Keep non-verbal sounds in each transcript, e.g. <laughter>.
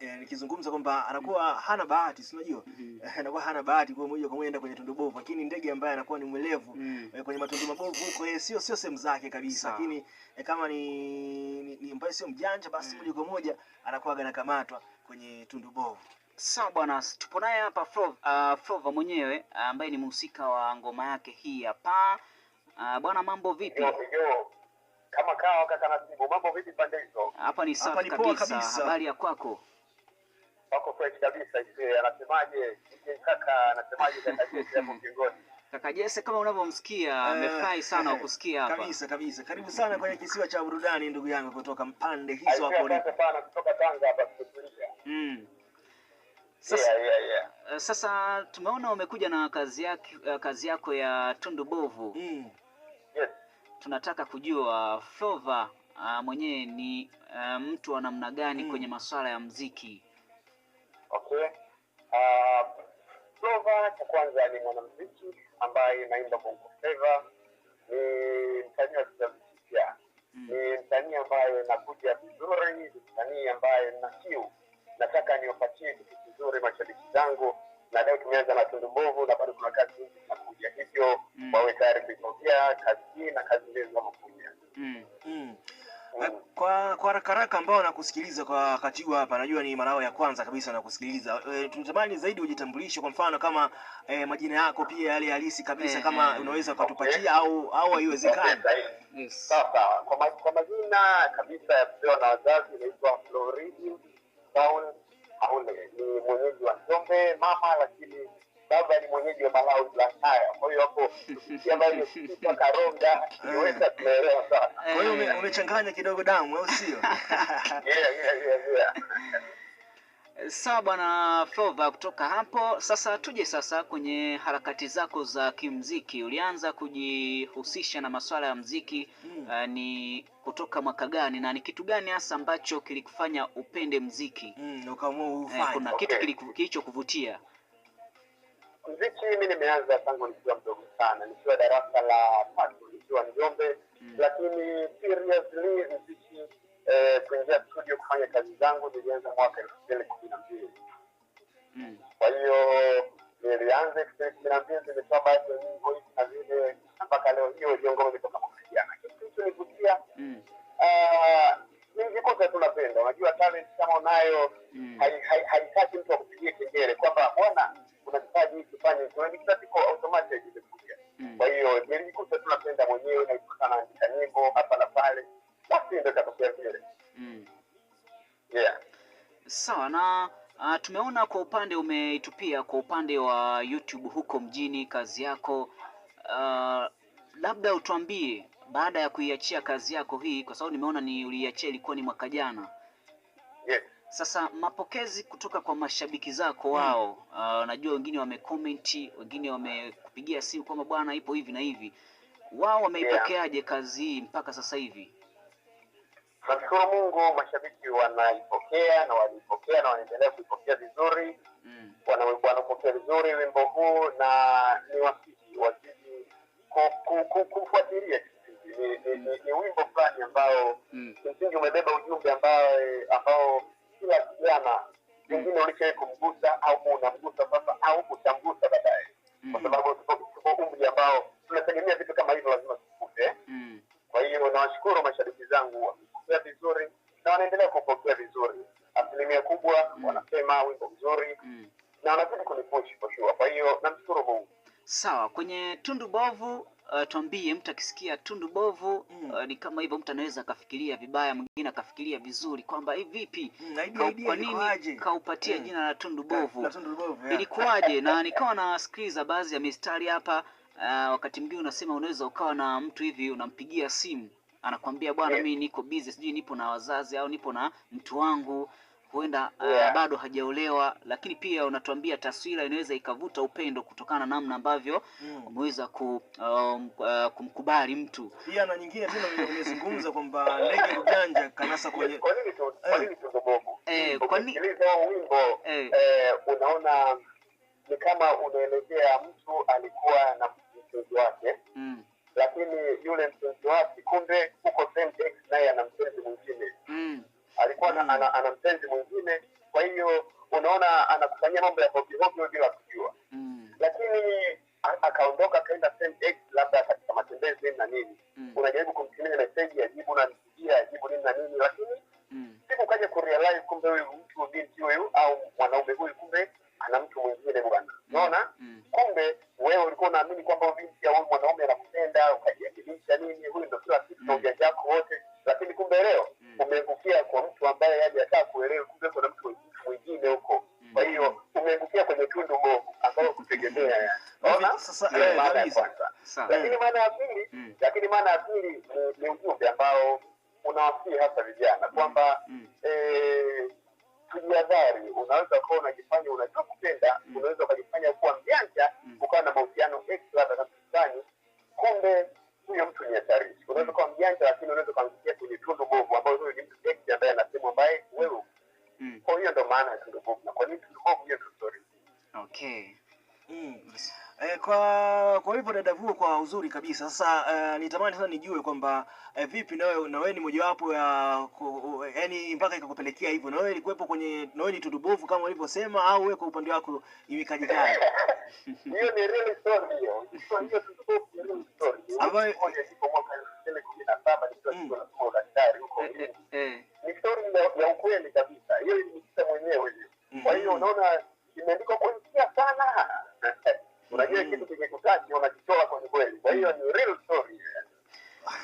eh, nikizungumza kwamba anakuwa mm. hana bahati, si unajua mm-hmm. <laughs> anakuwa hana bahati kwa moja kwa moja enda kwenye tundu bovu, lakini ndege ambaye anakuwa ni mwelevu mm eh, kwenye matundu mabovu huko, yeye eh, sio sio sehemu zake kabisa, lakini eh, kama ni ni, ni ambaye sio mjanja, basi mm. moja kwa moja anakuwa anakamatwa kwenye tundu bovu. Sawa bwana, tupo naye hapa Flova, uh, Flova mwenyewe ah, ambaye ni mhusika wa ngoma yake hii hapa. Uh, ah, bwana mambo vipi? Kama kawa kaka Nasibu, mambo vipi pande hizo? Hapa ni safi kabisa. Habari ya kwako? wako fresh kabisa. Eh, anasemaje kaka? Anasemaje kaka Jesse <laughs> hapo kingoni? Kaka Jesse kama unavyomsikia eh, amefurahi sana kukusikia eh, hapa. Kabisa kabisa. Karibu sana kwenye kisiwa cha burudani ndugu yangu kutoka mpande hizo hapo Asante Sana kutoka Tanga hapa kutulia. Mm. Sasa, yeah, yeah, yeah. Sasa tumeona umekuja na kazi yako kazi yako ya Tundu Bovu. Mm. Yes. Tunataka kujua Flova ah, mwenyewe ni mtu wa namna gani mm. kwenye masuala ya mziki? Cha kwanza ni mwanamuziki ambaye naimba bongo flava, ni msanii wa kizazi kipya, mm. ni msanii ambaye nakuja vizuri, ni msanii ambaye na kiu, nataka niwapatie kitu kizuri mashabiki zangu na leo tumeanza na Tundu Mbovu na bado kuna kazi nyingi zinakuja, hivyo mm. wawe tayari kuipokea kazi hii na kazi zile zinazokuja. Kwa kwa haraka haraka ambao nakusikiliza kwa wakati huu hapa, najua ni mara ya kwanza kabisa nakusikiliza. E, tunatamani zaidi ujitambulishe, kwa mfano kama e, majina yako pia yale halisi kabisa, eh, kama eh. unaweza ukatupatia au au haiwezekani. Yes. Sasa kwa, ma, kwa majina kabisa ya kupewa na wazazi naitwa Floridi Paul Aule, ni mwenyeji wa Njombe mama, lakini baba ni mwenyeji wa Malawi haya. Kwa hiyo hapo tukisikia bali kwa Karonga niweza eh. kuelewa sana. Kwa hiyo eh. umechanganya kidogo damu au sio? <laughs> Yeah, yeah, yeah, yeah. Sawa bwana Flova, kutoka hapo sasa tuje sasa kwenye harakati zako za kimziki. Ulianza kujihusisha na masuala ya mziki mm. Uh, ni kutoka mwaka gani na ni kitu gani hasa ambacho kilikufanya upende mziki mm, ukaamua ufanye? Uh, kuna okay. kitu kilichokuvutia Mziki mimi nimeanza tangu nikiwa mdogo sana, nikiwa darasa la tatu nikiwa Njombe mm. Lakini seriously mziki eh, kuingia studio kufanya kazi zangu nilianza mwaka elfu mbili kumi na mbili mm. Kwa hiyo nilianza elfu mbili kumi na mbili zimetoa baadhi ya nyimbo hizi na vile mpaka leo hiyo hiyo ngoma imetoka kufikiana. kilichonivutia mm. uh, ah, nijikuta tunapenda, unajua talent kama unayo mm. haitaki hai, hai, mtu akupigie kengele kwamba bwana Mm. Sawa na Uh, tumeona kwa upande umeitupia kwa upande wa YouTube huko mjini kazi yako. Uh, labda utuambie baada ya kuiachia kazi yako hii, kwa sababu nimeona ni uliiachia ilikuwa ni mwaka jana. Yes. Sasa mapokezi kutoka kwa mashabiki zako mm. wao, uh, najua wengine wamecomment, wengine wamekupigia simu kwamba bwana ipo hivi na hivi, wao wameipokeaje yeah, kazi hii mpaka sasa hivi? Nashukuru Mungu, mashabiki wanaipokea na waliipokea na wanaendelea kuipokea vizuri mm. wanaupokea vizuri wimbo huu na ni wazidi wazidi kufuatilia ni, ni, ni, ni wimbo fulani ambao mm. umebeba ujumbe ambao ambao kila kijana pengine mm. ulishawahi kumgusa au unamgusa sasa au utamgusa baadaye mm. kwa sababu tuko umri ambao tunategemea vitu kama hivyo lazima tukute mm. kwa hiyo nawashukuru mashabiki wanaendelea kupokea vizuri, asilimia kubwa mm. wanasema wimbo mzuri mm. na wanazidi kunipushi for sure. Kwa hiyo namshukuru Mungu. Sawa, kwenye tundu bovu Uh, tuambie mtu akisikia tundu bovu mm. uh, ni kama hivyo, mtu anaweza akafikiria vibaya, mwingine akafikiria vizuri kwamba hey, eh, vipi mm, kwa nini kaupatia mm. jina la tundu bovu ilikuwaje? <laughs> na nikawa nasikiliza baadhi ya mistari hapa uh, wakati mwingine unasema unaweza ukawa na mtu hivi unampigia simu anakwambia bwana, yeah. mimi niko busy, sijui nipo na wazazi au nipo na mtu wangu huenda uh, yeah. uh, bado hajaolewa, lakini pia unatuambia taswira inaweza ikavuta upendo kutokana na namna ambavyo mm. umeweza ku, um, uh, kumkubali mtu pia. Na nyingine tena umezungumza kwamba ndege kujanja kanasa kwenye kwa nini tu kwa eh. nini tu bobo eh, kwa nini wimbo eh. eh, unaona ni kama unaelezea mtu alikuwa na mtu wake mm lakini yule mpenzi wake kumbe huko naye ana mpenzi mwingine mm. alikuwa mm. ana, ana mpenzi mwingine kwa hiyo unaona anakufanyia mambo ya hovyohovyo bila kujua mm. lakini akaondoka akaenda labda katika matembezi nini na nini mm. unajaribu kumtumia meseji ajibu unampigia ajibu nini na nini lakini mm. siku kaja kurealize kumbe huyu mtu binti huyu au mwanaume huyu kumbe ana mtu mwingine bwana, mm. unaona mm. Kumbe wewe ulikuwa unaamini kwamba binti ya huyu mwanaume anakupenda, ukajiaminisha nini, huyu ndo kila kitu na mm. ujanja wako wote, lakini kumbe leo mm. umeangukia kwa mtu ambaye yaani hata kuelewa, kumbe kuna mtu mwingine huko. Kwa hiyo umeangukia kwenye tundu bovu ambalo kutegemea unaona. Sasa eh, maana ya kwanza, lakini maana ya pili, lakini maana ya pili ni ujumbe ambao unawasia hasa vijana kwamba eh tujadhari. Unaweza ukawa unajifanya unachokupenda, mm. unaweza ukajifanya kuwa mjanja, mm. ukawa na mahusiano extra na mpinzani, kumbe huyo mtu ni hatarishi. Unaweza ukawa mjanja, lakini unaweza Kwa kwa hivyo dada Vua, kwa uzuri kabisa. Sasa uh, nitamani sana nijue kwamba uh, vipi na wewe na wewe ni mojawapo ya yaani mpaka ikakupelekea hivyo, na wewe ilikuwepo kwenye na wewe ni tudubovu kama ulivyosema, au wewe kwa upande wako imekaje? Jana hiyo ni real story, hiyo hiyo tudubovu ni real story ambayo iko mwaka 2017 mm. nikiwa chuo daktari huko, eh, ni story ya ukweli kabisa hiyo. ni kweli. Kwa hiyo ni real story.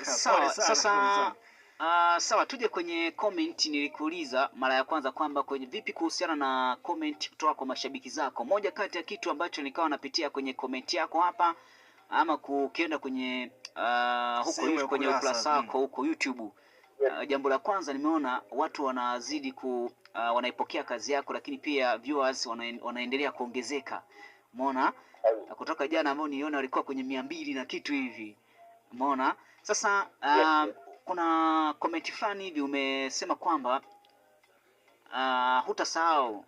Sawa, sasa Uh, sawa, tuje kwenye comment. Nilikuuliza mara ya kwanza kwamba kwenye vipi kuhusiana na comment kutoka kwa mashabiki zako. Moja kati ya kitu ambacho nikawa napitia kwenye comment yako hapa ama kukienda kwenye uh, huko kwenye ukurasa wako mm. huko YouTube uh, jambo la kwanza nimeona watu wanazidi ku uh, wanaipokea kazi yako, lakini pia viewers wana, wanaendelea kuongezeka umeona kutoka jana ambao niona walikuwa kwenye mia mbili na kitu hivi umeona sasa uh, yes, um, yes. kuna komenti fulani hivi umesema kwamba uh, hutasahau